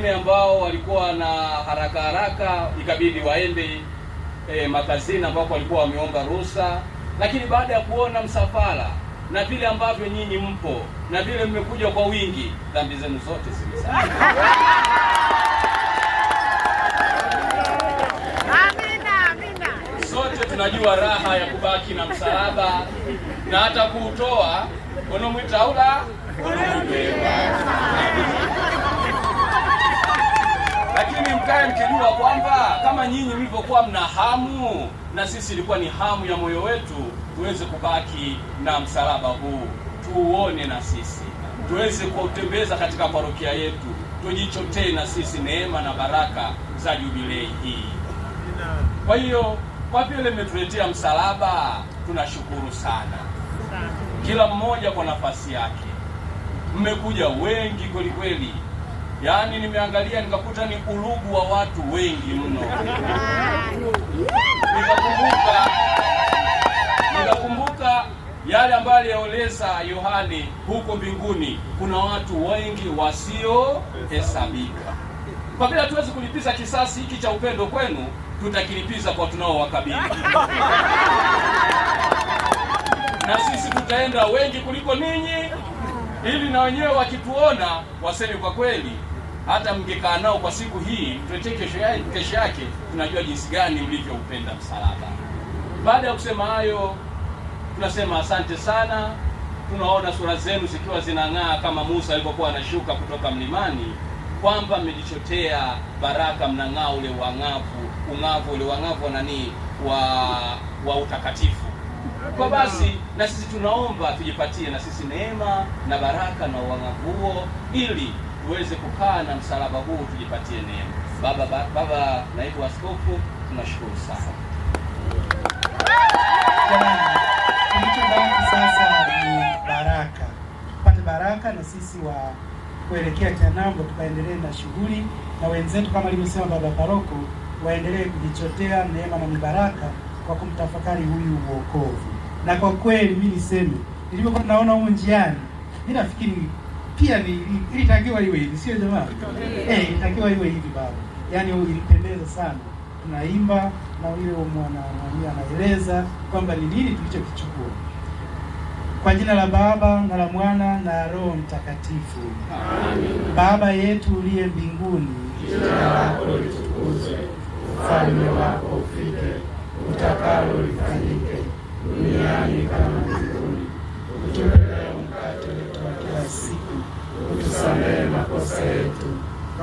wengine ambao walikuwa na haraka haraka ikabidi waende e, makazini ambapo walikuwa wameomba ruhusa, lakini baada ya kuona msafara na vile ambavyo nyinyi mpo na vile mmekuja kwa wingi, dhambi zenu zote zimesamehewa. Sote tunajua raha ya kubaki na msalaba na hata kuutoa, unamwita ula unapewa kama nyinyi mlivyokuwa mna hamu, na sisi ilikuwa ni hamu ya moyo wetu tuweze kubaki na msalaba huu, tuuone na sisi tuweze kuutembeza katika parokia yetu, tujichotee na sisi neema na baraka za jubilei hii. Kwa hiyo kwa vile mmetuletea msalaba, tunashukuru sana, kila mmoja kwa nafasi yake. Mmekuja wengi kweli kweli. Yaani nimeangalia nikakuta ni urugu wa watu wengi mno. Nikakumbuka nikakumbuka yale ambayo aliyaeleza yohani huko mbinguni kuna watu wengi wasiohesabika. Kwa vile hatuwezi kulipiza kisasi hiki cha upendo kwenu, tutakilipiza kwa tunaowakabili na sisi tutaenda wengi kuliko ninyi, ili na wenyewe wakituona waseme kwa kweli hata mngekaa nao kwa siku hii mtuletee kesho yake, tunajua jinsi gani mlivyoupenda msalaba. Baada ya kusema hayo, tunasema asante sana. Tunaona sura zenu zikiwa zinang'aa kama Musa alipokuwa anashuka kutoka mlimani, kwamba mmejichotea baraka, mnang'aa ule wang'avu, ung'avu ule wang'avu wa nani, wa wa utakatifu. Kwa basi na sisi tunaomba tujipatie na sisi neema na baraka na uang'avu huo ili tuweze kukaa na msalaba huu tujipatie neema. Baba, baba naibu askofu, tunashukuru sana. Kilichobaki sasa ni baraka, tupate baraka na sisi wa kuelekea Kyanambo, tukaendelee na shughuli na wenzetu, kama alivyosema baba paroko, waendelee kujichotea neema na mibaraka kwa kumtafakari huyu uokovu. Na kwa kweli mimi niseme nilivyokuwa naona huko njiani, mimi nafikiri pia ni ilitakiwa iwe hivi, sio jamaa? Eh, ilitakiwa iwe hivi baba, yaani ilipendeza sana. Tunaimba na mwana mwanamwambia, anaeleza kwamba ni nini tulichokichukua. Kwa jina la Baba na la Mwana na Roho Mtakatifu. Amen. Baba yetu uliye mbinguni, jina lako litukuzwe, ufalme wako ufike, utakalo lifanyike duniani kama